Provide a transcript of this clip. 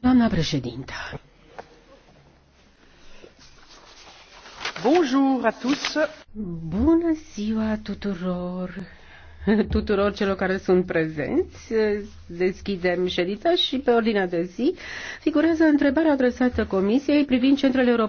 Doamna președintă. Bonjour à tous. Bună ziua tuturor tuturor celor care sunt prezenți. Deschidem ședința și pe ordinea de zi figurează întrebarea adresată Comisiei privind centrele europene